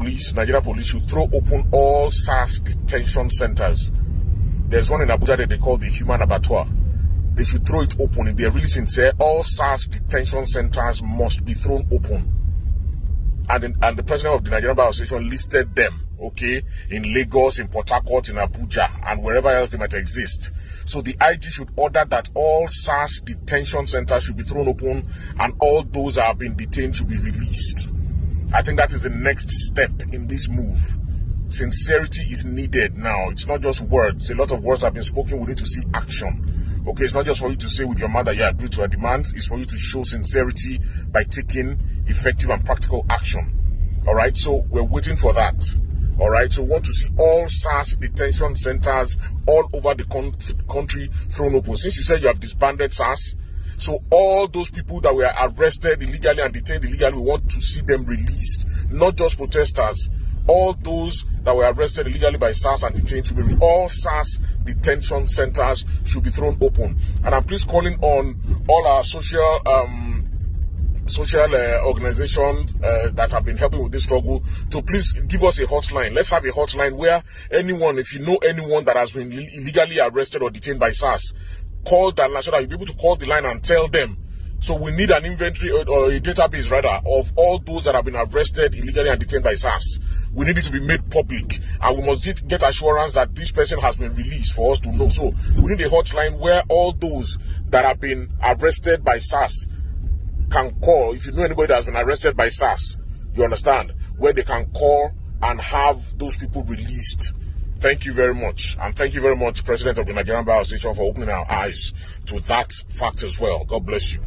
police, Nigeria police should throw open all SARS detention centers. There's one in Abuja that they call the Human Abattoir. They should throw it open. If they're really sincere, all SARS detention centers must be thrown open. And, in, and the president of the Nigerian Bar Association listed them, okay, in Lagos, in Port Harcourt, in Abuja, and wherever else they might exist. So the IG should order that all SARS detention centers should be thrown open and all those that have been detained should be released. I think that is the next step in this move. Sincerity is needed now. It's not just words. A lot of words have been spoken. We need to see action. Okay, it's not just for you to say with your mother, you yeah, agree to her demands. It's for you to show sincerity by taking effective and practical action. All right, so we're waiting for that. All right, so we want to see all SARS detention centers all over the country thrown open. Since you said you have disbanded SARS, so all those people that were arrested illegally and detained illegally, we want to see them released. Not just protesters. All those that were arrested illegally by SAS and detained should be all SAS detention centers should be thrown open. And I'm please calling on all our social um, social uh, organizations uh, that have been helping with this struggle to please give us a hotline. Let's have a hotline where anyone, if you know anyone that has been illegally arrested or detained by SAS call that line so that you'll be able to call the line and tell them. So we need an inventory or, uh, or a database rather of all those that have been arrested illegally and detained by SAS. We need it to be made public and we must get assurance that this person has been released for us to know. So we need a hotline where all those that have been arrested by SAS can call. If you know anybody that has been arrested by SAS, you understand, where they can call and have those people released Thank you very much. And thank you very much, President of the Nigerian Bar Association, for opening our eyes to that fact as well. God bless you.